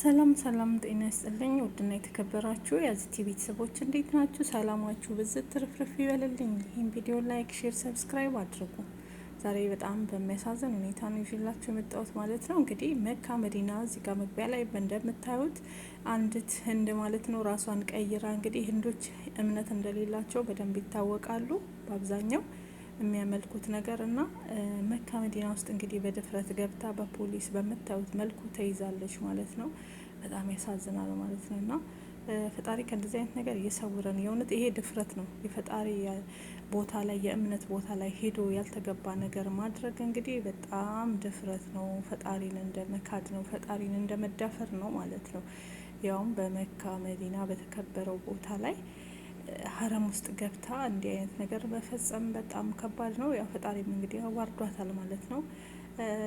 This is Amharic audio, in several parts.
ሰላም ሰላም፣ ጤና ይስጥልኝ። ውድና የተከበራችሁ የዚህ ቲቪ ቤተሰቦች እንዴት ናችሁ? ሰላማችሁ ብዝት ትርፍርፍ ይበልልኝ። ይህም ቪዲዮ ላይክ፣ ሼር፣ ሰብስክራይብ አድርጉ። ዛሬ በጣም በሚያሳዝን ሁኔታ ነው ይዤላችሁ የመጣሁት ማለት ነው። እንግዲህ መካ መዲና እዚህ ጋር መግቢያ ላይ እንደምታዩት አንዲት ህንድ ማለት ነው ራሷን ቀይራ እንግዲህ ህንዶች እምነት እንደሌላቸው በደንብ ይታወቃሉ በአብዛኛው የሚያመልኩት ነገር እና መካ መዲና ውስጥ እንግዲህ በድፍረት ገብታ በፖሊስ በምታዩት መልኩ ተይዛለች ማለት ነው። በጣም ያሳዝናል ማለት ነው እና ፈጣሪ ከእንደዚህ አይነት ነገር እየሰውረን። የእውነት ይሄ ድፍረት ነው። የፈጣሪ ቦታ ላይ የእምነት ቦታ ላይ ሄዶ ያልተገባ ነገር ማድረግ እንግዲህ በጣም ድፍረት ነው። ፈጣሪን እንደ መካድ ነው። ፈጣሪን እንደ መዳፈር ነው ማለት ነው። ያውም በመካ መዲና በተከበረው ቦታ ላይ ሀረም ውስጥ ገብታ እንዲህ አይነት ነገር መፈጸም በጣም ከባድ ነው። ያው ፈጣሪም እንግዲህ አዋርዷታል ማለት ነው።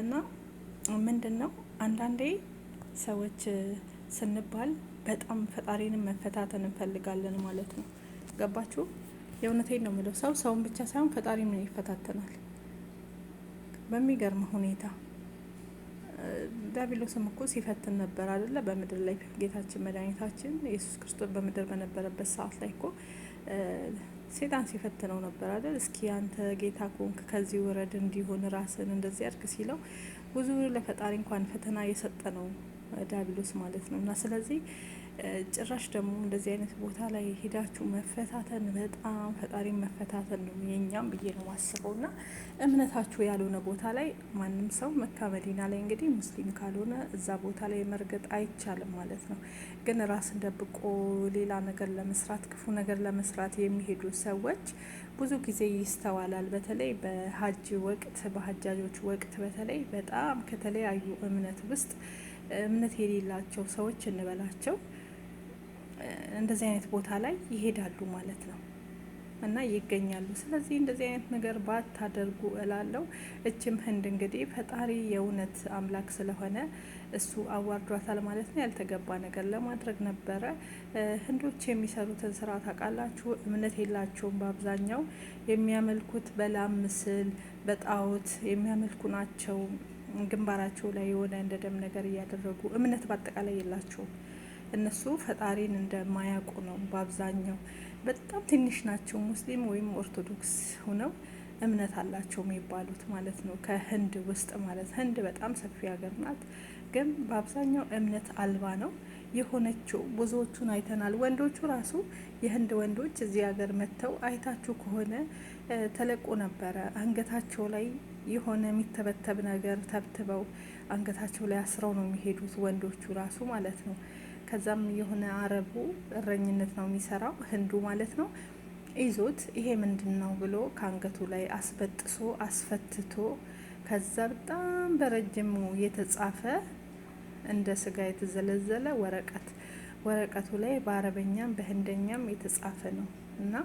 እና ምንድን ነው አንዳንዴ ሰዎች ስንባል በጣም ፈጣሪንም መፈታተን እንፈልጋለን ማለት ነው። ገባችሁ? የእውነቴን ነው የምለው። ሰው ሰውን ብቻ ሳይሆን ምን ይፈታተናል በሚገርም ሁኔታ ዲያብሎስም እኮ ሲፈትን ነበር አደለ በምድር ላይ ጌታችን መድኃኒታችን ኢየሱስ ክርስቶስ በምድር በነበረበት ሰዓት ላይ እኮ ሴጣን ሲፈትነው ነበር አይደል? እስኪ አንተ ጌታ ኮንክ ከዚህ ውረድ፣ እንዲሆን ራስን እንደዚህ አድርግ ሲለው ብዙ ለፈጣሪ እንኳን ፈተና የሰጠ ነው ዲያብሎስ ማለት ነው። እና ስለዚህ ጭራሽ ደግሞ እንደዚህ አይነት ቦታ ላይ ሄዳችሁ መፈታተን በጣም ፈጣሪ መፈታተን ነው የኛም ብዬ ነው ማስበው። እና እምነታችሁ ያልሆነ ቦታ ላይ ማንም ሰው መካ መዲና ላይ እንግዲህ ሙስሊም ካልሆነ እዛ ቦታ ላይ መርገጥ አይቻልም ማለት ነው። ግን ራስን ደብቆ ሌላ ነገር ለመስራት ክፉ ነገር ለመስራት የሚሄዱ ሰዎች ብዙ ጊዜ ይስተዋላል። በተለይ በሀጅ ወቅት በሀጃጆች ወቅት በተለይ በጣም ከተለያዩ እምነት ውስጥ እምነት የሌላቸው ሰዎች እንበላቸው እንደዚህ አይነት ቦታ ላይ ይሄዳሉ ማለት ነው እና ይገኛሉ። ስለዚህ እንደዚህ አይነት ነገር ባታደርጉ እላለው። እችም ህንድ እንግዲህ ፈጣሪ የእውነት አምላክ ስለሆነ እሱ አዋርዷታል ማለት ነው። ያልተገባ ነገር ለማድረግ ነበረ። ህንዶች የሚሰሩትን ስራ ታውቃላችሁ። እምነት የላቸውም። በአብዛኛው የሚያመልኩት በላም ምስል፣ በጣዖት የሚያመልኩ ናቸው። ግንባራቸው ላይ የሆነ እንደ ደም ነገር እያደረጉ እምነት በአጠቃላይ የላቸውም። እነሱ ፈጣሪን እንደማያውቁ ነው በአብዛኛው። በጣም ትንሽ ናቸው ሙስሊም ወይም ኦርቶዶክስ ሆነው እምነት አላቸው የሚባሉት ማለት ነው። ከህንድ ውስጥ ማለት ህንድ በጣም ሰፊ ሀገር ናት፣ ግን በአብዛኛው እምነት አልባ ነው። የሆነችው ብዙዎቹን አይተናል። ወንዶቹ ራሱ የህንድ ወንዶች እዚህ ሀገር መጥተው አይታችሁ ከሆነ ተለቆ ነበረ አንገታቸው ላይ የሆነ የሚተበተብ ነገር ተብትበው አንገታቸው ላይ አስረው ነው የሚሄዱት ወንዶቹ ራሱ ማለት ነው። ከዛም የሆነ አረቡ እረኝነት ነው የሚሰራው ህንዱ ማለት ነው። ይዞት ይሄ ምንድን ነው ብሎ ከአንገቱ ላይ አስበጥሶ አስፈትቶ ከዛ በጣም በረጅሙ የተጻፈ እንደ ስጋ የተዘለዘለ ወረቀት ወረቀቱ ላይ በአረበኛም በህንደኛም የተጻፈ ነው እና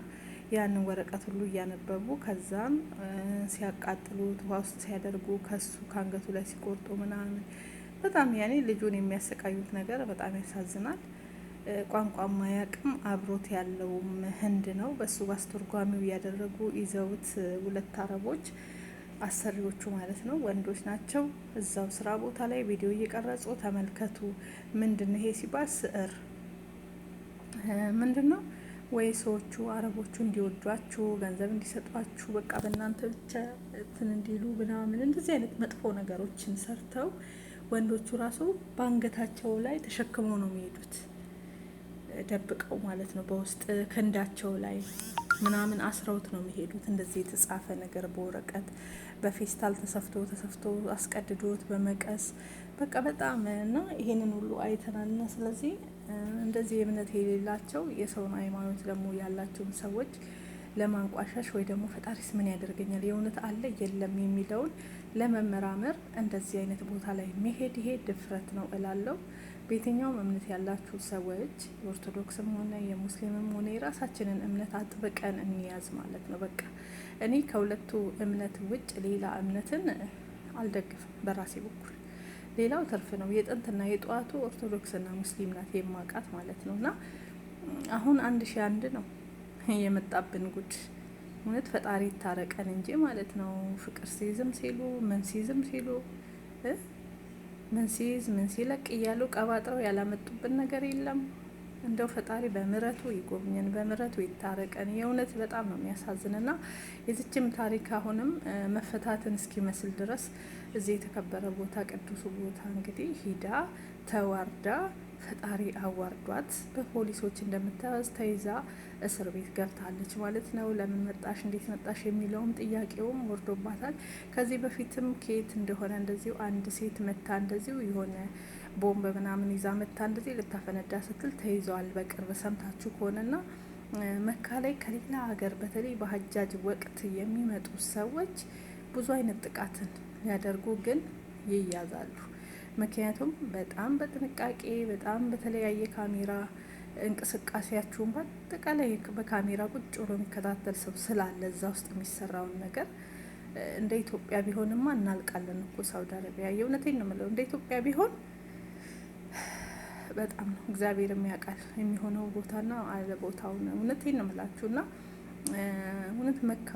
ያንን ወረቀት ሁሉ እያነበቡ ከዛም ሲያቃጥሉት ውሃ ውስጥ ሲያደርጉ ከሱ ከአንገቱ ላይ ሲቆርጡ ምናምን በጣም ያኔ ልጁን የሚያሰቃዩት ነገር በጣም ያሳዝናል። ቋንቋ ማያቅም አብሮት ያለውም ህንድ ነው። በሱ አስተርጓሚው እያደረጉ ይዘውት ሁለት አረቦች አሰሪዎቹ ማለት ነው ወንዶች ናቸው። እዛው ስራ ቦታ ላይ ቪዲዮ እየቀረጹ ተመልከቱ። ምንድን ነው ይሄ ሲባል ስዕር ምንድን ነው ወይ ሰዎቹ አረቦቹ እንዲወዷችሁ ገንዘብ እንዲሰጧችሁ በቃ በእናንተ ብቻ እንትን እንዲሉ ምናምን እንደዚህ አይነት መጥፎ ነገሮችን ሰርተው ወንዶቹ ራሱ በአንገታቸው ላይ ተሸክመው ነው የሚሄዱት፣ ደብቀው ማለት ነው በውስጥ ክንዳቸው ላይ ምናምን አስረውት ነው የሚሄዱት። እንደዚህ የተጻፈ ነገር በወረቀት በፌስታል ተሰፍቶ ተሰፍቶ አስቀድዶት በመቀስ በቃ በጣም እና ይሄንን ሁሉ አይተናል። ስለዚህ እንደዚህ እምነት የሌላቸው የሰውን ሃይማኖት ደግሞ ያላቸውን ሰዎች ለማንቋሻሽ ወይ ደግሞ ፈጣሪስ ምን ያደርገኛል የእውነት አለ የለም የሚለውን ለመመራመር እንደዚህ አይነት ቦታ ላይ መሄድ ይሄ ድፍረት ነው እላለሁ። በየትኛውም እምነት ያላችሁ ሰዎች የኦርቶዶክስም ሆነ የሙስሊምም ሆነ የራሳችንን እምነት አጥብቀን እንያዝ ማለት ነው። በቃ እኔ ከሁለቱ እምነት ውጭ ሌላ እምነትን አልደግፍም በራሴ በኩል። ሌላው ትርፍ ነው። የጥንትና የጠዋቱ ኦርቶዶክስና ሙስሊም ናት የማውቃት ማለት ነው። እና አሁን አንድ ሺ አንድ ነው የመጣብን ጉድ። እውነት ፈጣሪ ይታረቀን እንጂ ማለት ነው። ፍቅር ሲዝም ሲሉ ምን ሲዝም ሲሉ ምን ሲይዝ ምን ሲለቅ እያሉ ቀባጥረው ያላመጡብን ነገር የለም። እንደው ፈጣሪ በምረቱ ይጎብኘን፣ በምረቱ ይታረቀን። የእውነት በጣም ነው የሚያሳዝንና የዚችም ታሪክ አሁንም መፈታትን እስኪመስል ድረስ እዚህ የተከበረ ቦታ ቅዱሱ ቦታ እንግዲህ ሂዳ ተዋርዳ ፈጣሪ አዋርዷት በፖሊሶች እንደምታዝ ተይዛ እስር ቤት ገብታለች ማለት ነው። ለምን መጣሽ፣ እንዴት መጣሽ የሚለውም ጥያቄውም ወርዶባታል። ከዚህ በፊትም ከየት እንደሆነ እንደዚሁ አንድ ሴት መታ እንደዚሁ የሆነ ቦምብ ምናምን ይዛ መታ እንደዚህ ልታፈነዳ ስትል ተይዘዋል። በቅርብ ሰምታችሁ ከሆነና መካ ላይ ከሌላ ሀገር በተለይ በሀጃጅ ወቅት የሚመጡ ሰዎች ብዙ አይነት ጥቃትን ያደርጉ ግን ይያዛሉ። ምክንያቱም በጣም በጥንቃቄ በጣም በተለያየ ካሜራ እንቅስቃሴያችሁን በአጠቃላይ በካሜራ ቁጭ ብሎ የሚከታተል ሰው ስላለ እዛ ውስጥ የሚሰራውን ነገር እንደ ኢትዮጵያ ቢሆንማ እናልቃለን እኮ ሳውዲ አረቢያ። የእውነቴን ነው የምለው። እንደ ኢትዮጵያ ቢሆን በጣም ነው እግዚአብሔር የሚያውቃል የሚሆነው ቦታና አለ ቦታውን። እውነቴን ነው የምላችሁ እና እውነት መካ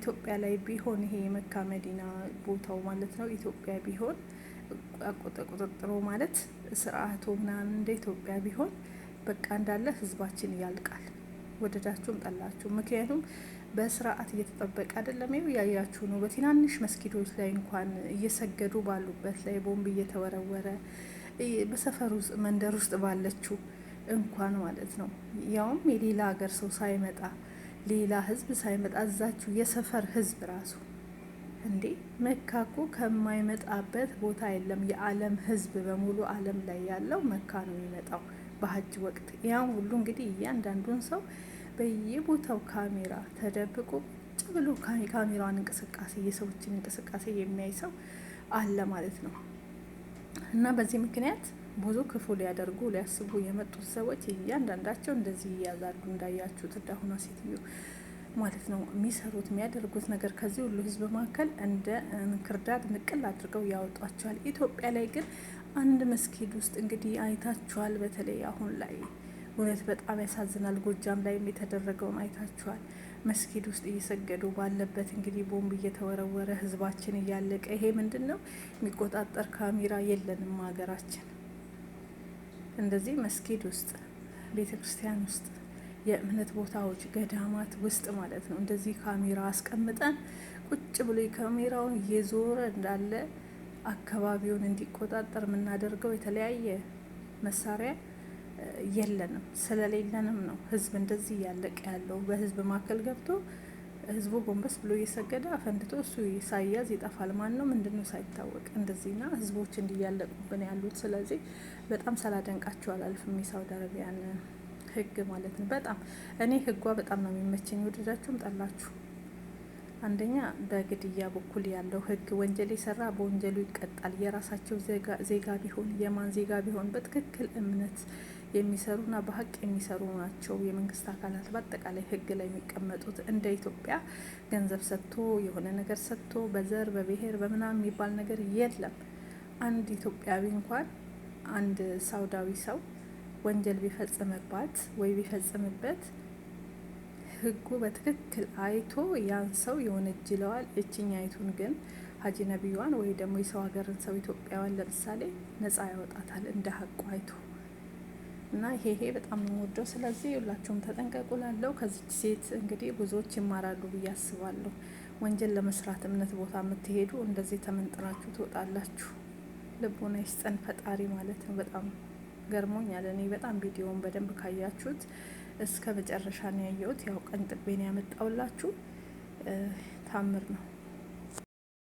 ኢትዮጵያ ላይ ቢሆን ይሄ መካ መዲና ቦታው ማለት ነው ኢትዮጵያ ቢሆን ቁጥጥሩ ማለት ስርዓቱ ምናምን እንደ ኢትዮጵያ ቢሆን በቃ እንዳለ ህዝባችን ያልቃል። ወደዳችሁም ጠላችሁ። ምክንያቱም በስርዓት እየተጠበቀ አይደለም። ይኸው ያያችሁ ነው። በትናንሽ መስጊዶች ላይ እንኳን እየሰገዱ ባሉበት ላይ ቦምብ እየተወረወረ በሰፈር ውስጥ መንደር ውስጥ ባለችው እንኳን ማለት ነው ያውም የሌላ ሀገር ሰው ሳይመጣ ሌላ ህዝብ ሳይመጣ እዛችሁ የሰፈር ህዝብ ራሱ እንዴ መካ እኮ ከማይመጣበት ቦታ የለም። የዓለም ህዝብ በሙሉ ዓለም ላይ ያለው መካ ነው የሚመጣው በሀጅ ወቅት። ያም ሁሉ እንግዲህ እያንዳንዱን ሰው በየቦታው ካሜራ ተደብቆ ቁጭ ብሎ ካሜራን እንቅስቃሴ የሰዎችን እንቅስቃሴ የሚያይ ሰው አለ ማለት ነው። እና በዚህ ምክንያት ብዙ ክፉ ሊያደርጉ ሊያስቡ የመጡት ሰዎች እያንዳንዳቸው እንደዚህ እያዛሉ እንዳያችሁት እንዳሁኗ ሴትዮ ማለት ነው የሚሰሩት የሚያደርጉት ነገር ከዚህ ሁሉ ህዝብ መካከል እንደ እንክርዳድ ንቅል አድርገው ያወጧቸዋል። ኢትዮጵያ ላይ ግን አንድ መስጊድ ውስጥ እንግዲህ አይታችኋል። በተለይ አሁን ላይ እውነት በጣም ያሳዝናል። ጎጃም ላይም የተደረገውን አይታችኋል። መስጊድ ውስጥ እየሰገዱ ባለበት እንግዲህ ቦምብ እየተወረወረ ህዝባችን እያለቀ፣ ይሄ ምንድን ነው የሚቆጣጠር ካሜራ የለንም ሀገራችን። እንደዚህ መስጊድ ውስጥ ቤተ ክርስቲያን ውስጥ የእምነት ቦታዎች ገዳማት ውስጥ ማለት ነው። እንደዚህ ካሜራ አስቀምጠን ቁጭ ብሎ ካሜራውን እየዞረ እንዳለ አካባቢውን እንዲቆጣጠር የምናደርገው የተለያየ መሳሪያ የለንም። ስለሌለንም ነው ህዝብ እንደዚህ እያለቀ ያለው። በህዝብ መካከል ገብቶ ህዝቡ ጎንበስ ብሎ እየሰገደ አፈንድቶ እሱ ሳያዝ ይጠፋል። ማን ነው ምንድን ነው ሳይታወቅ እንደዚህና ህዝቦች እንዲያለቁብን ያሉት። ስለዚህ በጣም ሳላደንቃቸው አላልፍም የሳውዲ አረቢያን ህግ ማለት ነው። በጣም እኔ ህጓ በጣም ነው የሚመቸኝ፣ ወደዳችሁም ጠላችሁ። አንደኛ በግድያ በኩል ያለው ህግ ወንጀል የሰራ በወንጀሉ ይቀጣል። የራሳቸው ዜጋ ቢሆን የማን ዜጋ ቢሆን በትክክል እምነት የሚሰሩና በሀቅ የሚሰሩ ናቸው። የመንግስት አካላት በአጠቃላይ ህግ ላይ የሚቀመጡት እንደ ኢትዮጵያ ገንዘብ ሰጥቶ የሆነ ነገር ሰጥቶ በዘር በብሔር በምናም የሚባል ነገር የለም። አንድ ኢትዮጵያዊ እንኳን አንድ ሳውዳዊ ሰው ወንጀል ቢፈጽምባት ወይ ቢፈጽምበት ህጉ በትክክል አይቶ ያን ሰው ይወነጅለዋል። እችኛይቱን ግን ሀጂ ነቢዩዋን ወይ ደግሞ የሰው ሀገርን ሰው ኢትዮጵያዋን ለምሳሌ ነጻ ያወጣታል እንደ ሀቁ አይቶ እና ይሄ ይሄ በጣም ነው ወደው። ስለዚህ ሁላችሁም ተጠንቀቁ ላለው ከዚች ሴት እንግዲህ ብዙዎች ይማራሉ ብዬ አስባለሁ። ወንጀል ለመስራት እምነት ቦታ የምትሄዱ እንደዚህ ተመንጥራችሁ ትወጣላችሁ። ልቡና ይስጠን ፈጣሪ ማለት ነው በጣም ገርሞኛል። እኔ በጣም ቪዲዮውን በደንብ ካያችሁት እስከ መጨረሻ ነው ያየሁት። ያው ቀን ያመጣውላችሁ ታምር ነው።